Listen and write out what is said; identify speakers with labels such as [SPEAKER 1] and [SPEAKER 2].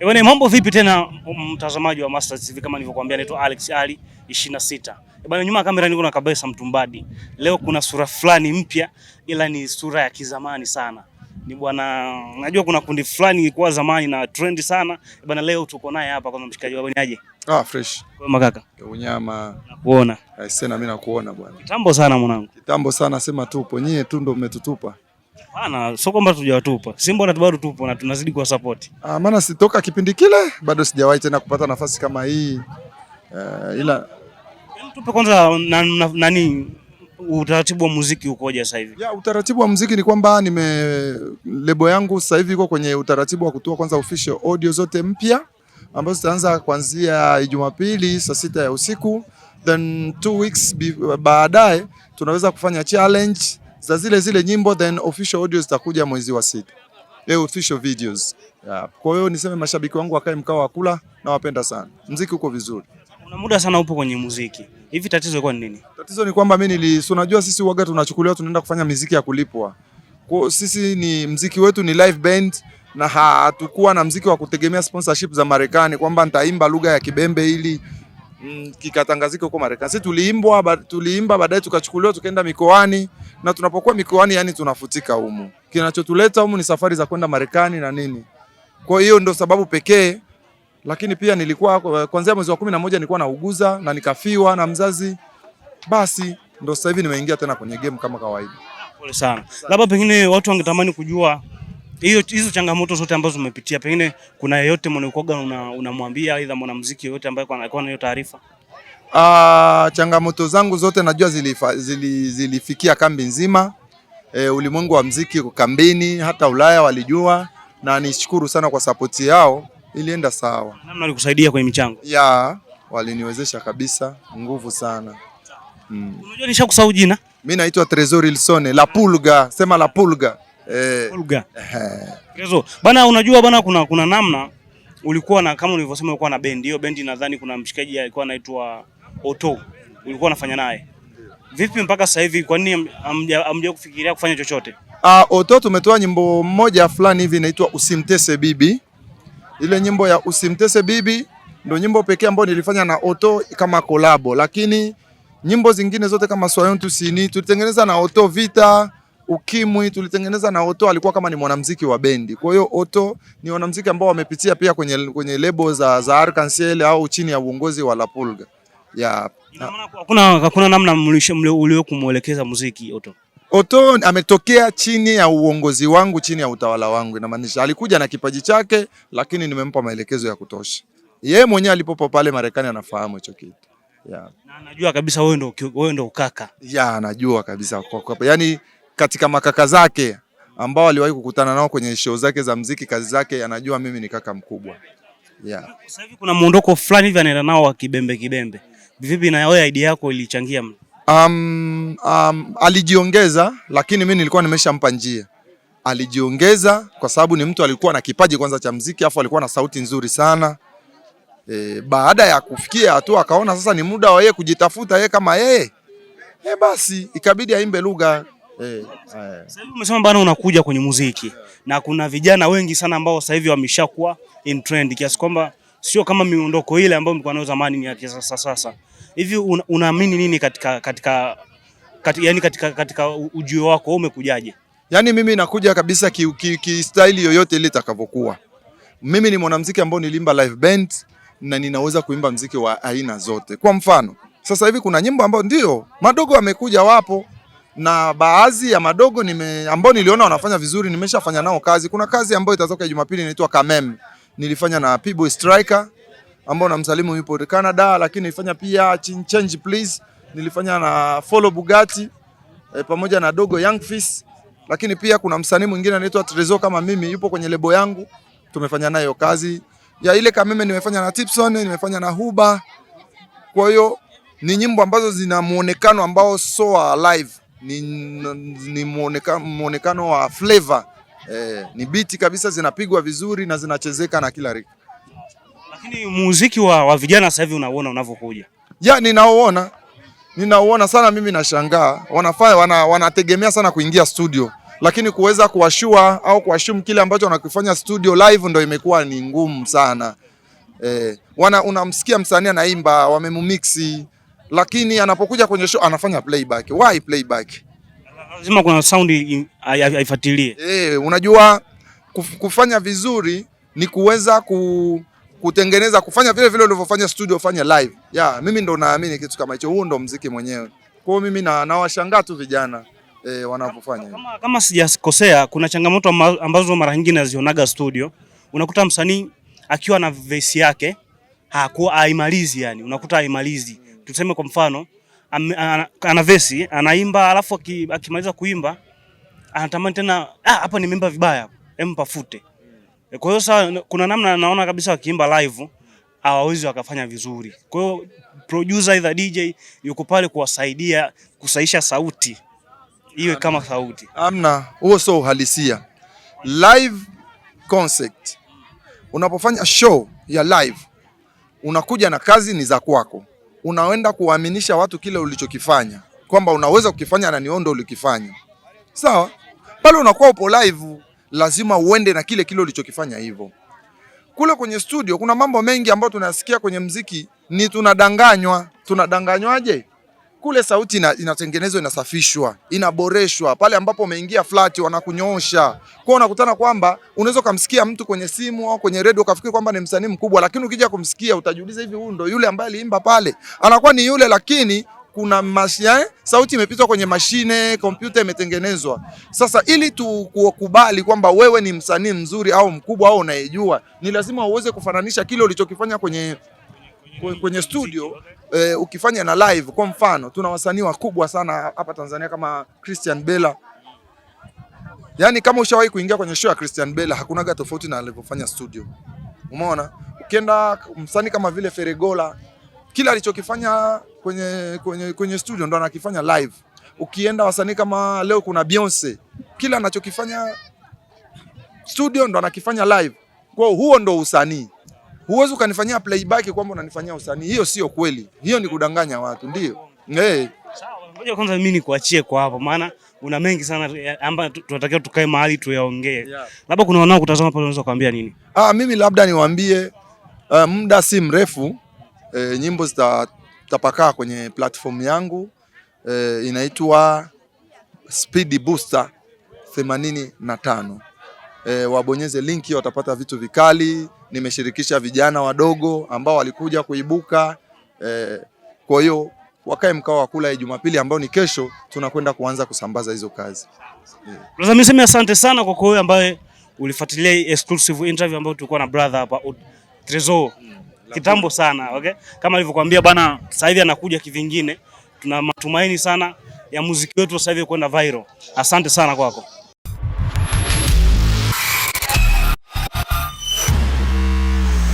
[SPEAKER 1] Ewe, mambo vipi tena um, mtazamaji wa Mastaz TV, kama nilivyokuambia naitwa Alex Ali 26. Bwana, nyuma ya kamera niko na kabisa mtumbadi. Leo kuna sura fulani mpya ila ni sura ya kizamani sana. Ni bwana, najua kuna kundi fulani ilikuwa zamani na trend sana. Bwana, leo tuko naye hapa kwa mshikaji wako
[SPEAKER 2] niaje? Ah, fresh. Kwa makaka. kaka. Unyama. Nakuona. Aisee na mimi nakuona bwana.
[SPEAKER 1] Kitambo sana mwanangu.
[SPEAKER 2] Kitambo sana, sema tupo. Nyie tu ndio mmetutupa.
[SPEAKER 1] Hapana, sio kwamba tujawatupa. Simba na bado tupo na tunazidi kuwa support.
[SPEAKER 2] Ah, maana sitoka kipindi kile bado sijawahi tena kupata nafasi kama hii. Uh, ila
[SPEAKER 1] tupe kwanza na, na, nani utaratibu wa muziki ukoje sasa hivi?
[SPEAKER 2] Ya, utaratibu wa muziki ni kwamba nime lebo yangu sasa hivi iko kwenye utaratibu wa kutoa kwanza official audio zote mpya ambazo zitaanza kuanzia Jumapili saa sita ya usiku, then two weeks baadaye tunaweza kufanya challenge za zile zile nyimbo, then official audio zitakuja mwezi wa sita. Eh, official videos. Yeah. Kwa hiyo niseme mashabiki wangu wakae mkao wa kula na wapenda sana. Mziki uko vizuri.
[SPEAKER 1] Una muda sana upo kwenye muziki. Hivi tatizo liko ni nini?
[SPEAKER 2] Tatizo ni kwamba mimi nili unajua sisi uaga tunachukuliwa tunaenda kufanya muziki ya kulipwa. Kwa sisi ni muziki wetu ni live band na hatukuwa na muziki wa kutegemea sponsorship za Marekani kwamba nitaimba lugha ya Kibembe ili Mm, kikatangazika huko Marekani. Sisi tuliimbwa tuliimba baadaye tukachukuliwa tukaenda mikoani, na tunapokuwa mikoani, yani tunafutika humu. Kinachotuleta humu ni safari za kwenda Marekani na nini, kwa hiyo ndo sababu pekee. Lakini pia nilikuwa kuanzia mwezi wa kumi na moja nilikuwa nauguza na nikafiwa na mzazi, basi ndio sasa hivi nimeingia tena kwenye game kama kawaida.
[SPEAKER 1] Pole sana. Labda pengine watu wangetamani kujua hizo hizo changamoto zote ambazo tumepitia, pengine kuna yeyote mwanikoga unamwambia una aidha mwanamuziki yeyote ambaye anakuwa na hiyo taarifa?
[SPEAKER 2] Uh, changamoto zangu zote najua zilifa, zili, zilifikia kambi nzima e, ulimwengu wa muziki kambini, hata Ulaya walijua, na nishukuru sana kwa sapoti yao, ilienda sawa.
[SPEAKER 1] Namna walikusaidia kwenye michango
[SPEAKER 2] ya waliniwezesha kabisa, nguvu sana.
[SPEAKER 1] Mm. Unajua nishakusahau jina,
[SPEAKER 2] mimi naitwa Tresor Ilsone La Pulga, sema La Pulga eh,
[SPEAKER 1] Olga. Kezo. Eh. Bana, unajua bana, kuna kuna namna ulikuwa na kama ulivyosema ulikuwa na bendi. Hiyo bendi nadhani kuna mshikaji alikuwa anaitwa Oto, Ulikuwa unafanya naye. Vipi mpaka sasa hivi kwa nini hamja kufikiria kufanya chochote?
[SPEAKER 2] Ah, Oto tumetoa nyimbo moja fulani hivi inaitwa Usimtese Bibi. Ile nyimbo ya Usimtese Bibi ndio nyimbo pekee ambayo nilifanya na Oto kama kolabo, lakini nyimbo zingine zote kama Soyons Tous tulitengeneza na Oto Vita ukimwi tulitengeneza na Oto alikuwa kama ni mwanamuziki wa bendi. Kwa hiyo Oto ni wanamuziki ambao wamepitia pia kwenye, kwenye lebo za, za Arkansiel au chini ya uongozi wa Lapulga. Ya.
[SPEAKER 1] Hakuna hakuna namna mlio kumuelekeza muziki Oto.
[SPEAKER 2] Oto ametokea chini ya uongozi wangu, chini ya utawala wangu. Inamaanisha alikuja na kipaji chake, lakini nimempa maelekezo ya kutosha. Yeye mwenyewe alipopo pale Marekani anafahamu hicho kitu. Ya.
[SPEAKER 1] Na anajua kabisa wewe ndio wewe ndio ukaka.
[SPEAKER 2] Ya, anajua kabisa kwa, kwa, Yaani katika makaka zake ambao aliwahi kukutana nao kwenye show zake za mziki, kazi zake, anajua mimi ni kaka mkubwa. Yeah. Sasa
[SPEAKER 1] hivi kuna muondoko fulani hivi anaenda nao wa kibembe kibembe. Vipi na wewe idea yako ilichangia?
[SPEAKER 2] Um, um, alijiongeza lakini mimi nilikuwa nimeshampa njia. Alijiongeza kwa sababu ni mtu alikuwa na kipaji kwanza cha mziki, afu alikuwa na sauti nzuri sana. E, baada ya kufikia hatua akaona sasa ni muda wa yeye kujitafuta yeye kama yeye. e, basi ikabidi aimbe lugha Eh,
[SPEAKER 1] sasa hivi umesema bana unakuja kwenye muziki na kuna vijana wengi sana ambao sasa hivi wameshakuwa in trend kiasi kwamba sio kama miondoko ile ambayo mlikuwa nayo zamani ni ya sasa sasa. Hivi unaamini nini katika katika katika, yani katika katika ujio wako wewe umekujaje?
[SPEAKER 2] Yaani mimi nakuja kabisa ki, ki, ki style yoyote ile itakavyokuwa. Mimi ni mwanamuziki ambao nilimba live band na ninaweza kuimba mziki wa aina zote. Kwa mfano, sasa hivi kuna nyimbo ambayo ndio madogo amekuja wapo na baadhi ya madogo nime, ambao niliona wanafanya vizuri nimeshafanya nao kazi. Kuna kazi ambayo itatoka Jumapili inaitwa Kamem, nilifanya na P-Boy Striker ambao namsalimu yupo Canada, lakini nilifanya pia Change Please, nilifanya na Follow Bugatti e, pamoja na Dogo Young Fish, lakini pia kuna msanii mwingine anaitwa Trezo kama mimi yupo kwenye lebo yangu tumefanya nayo kazi ya ile Kameme, nimefanya na Tipson, nimefanya na Huba. Kwa hiyo ni nyimbo ambazo zina muonekano ambao soa live ni, ni muonekano, muonekano wa flavor eh, ni biti kabisa zinapigwa vizuri na zinachezeka na kila rika.
[SPEAKER 1] Lakini muziki wa, wa vijana sasa hivi unauona unavyokuja
[SPEAKER 2] ya ninauona ninauona sana, mimi nashangaa wanafaa wana, wanategemea sana kuingia studio, lakini kuweza kuwashua au kuwashum kile ambacho wanakifanya studio live ndo imekuwa ni ngumu sana eh, wana unamsikia msanii anaimba wamemumixi lakini anapokuja kwenye show anafanya playback. Why playback?
[SPEAKER 1] Lazima kuna sound haifuatilie.
[SPEAKER 2] Eh, unajua kufanya vizuri ni kuweza ku kutengeneza kufanya vile vile ulivyofanya studio, fanya live. Yeah, mimi ndo naamini kitu kama hicho, huo ndo mziki mwenyewe. Kwa hiyo mimi na nawashangaa tu vijana e, eh, wanapofanya kama,
[SPEAKER 1] kama, kama sijakosea, kuna changamoto ambazo mara nyingi nazionaga studio, unakuta msanii akiwa na vesi yake haku haimalizi, yani unakuta haimalizi tuseme kwa mfano ana vesi anaimba, alafu akimaliza kuimba anatamani tena, ah, hapa nimeimba vibaya, hem pafute. Kwa hiyo sasa kuna namna naona kabisa wakiimba live hawawezi wakafanya vizuri. Kwa hiyo producer either DJ yuko pale kuwasaidia kusaisha sauti iwe kama sauti.
[SPEAKER 2] Amna, huo sio uhalisia. Live concert unapofanya show ya live unakuja na kazi ni za kwako unaenda kuwaaminisha watu kile ulichokifanya kwamba unaweza kukifanya na niondo ulikifanya sawa. Pale unakuwa upo live, lazima uende na kile kile ulichokifanya hivyo. Kule kwenye studio kuna mambo mengi ambayo tunasikia kwenye mziki ni tunadanganywa. Tunadanganywaje? kule sauti ina, inatengenezwa inasafishwa inaboreshwa. Pale ambapo umeingia flat wanakunyoosha kwa, unakutana kwamba unaweza kumsikia mtu kwenye simu au kwenye redio ukafikiri kwamba ni msanii mkubwa, lakini ukija kumsikia utajiuliza, hivi huyu ndo yule ambaye aliimba pale? Anakuwa ni yule, lakini kuna mashine, eh, sauti imepitwa kwenye mashine, kompyuta imetengenezwa. Sasa ili tukukubali kwamba wewe ni msanii mzuri au mkubwa au unayejua, ni lazima uweze kufananisha kile ulichokifanya kwenye kwenye studio eh, ukifanya na live. Kwa mfano tuna wasanii wakubwa sana hapa Tanzania kama Christian Bella. Yaani kama ushawahi kuingia kwenye show ya Christian Bella hakuna hakunaga tofauti na alivyofanya studio. Umeona? Ukienda msanii kama vile Feregola, kila alichokifanya kwenye, kwenye, kwenye studio ndo anakifanya live. Ukienda wasanii kama leo kuna Beyonce, kila anachokifanya studio ndo anakifanya live. Kwa huo ndo usanii. Huwezi ukanifanyia playback kwamba unanifanyia usanii, hiyo sio kweli, hiyo ni kudanganya watu, ndio hey. Eh.
[SPEAKER 1] Ngoja kwanza mimi nikuachie kwa hapo, maana una mengi sana ambayo tunatakiwa tukae mahali tuyaongee, yeah. Labda kuna wanao kutazama pale, unaweza kuambia nini?
[SPEAKER 2] Ah, mimi labda niwaambie uh, muda si mrefu eh, nyimbo zitatapakaa kwenye platform yangu eh, inaitwa Speed Booster 85 e, wabonyeze linki, watapata vitu vikali. Nimeshirikisha vijana wadogo ambao walikuja kuibuka e, kwa hiyo wakae mkao wa kula Jumapili ambao ni kesho, tunakwenda kuanza kusambaza hizo kazi
[SPEAKER 1] yeah. Brother, mimi sema asante sana kwa wewe ambaye ulifuatilia exclusive interview ambayo tulikuwa na brother hapa Trezo kitambo sana okay? Kama alivyokuambia bwana, sasa hivi anakuja kivingine. Tuna matumaini sana ya muziki wetu sasa hivi kwenda viral. Asante sana kwako. kwa.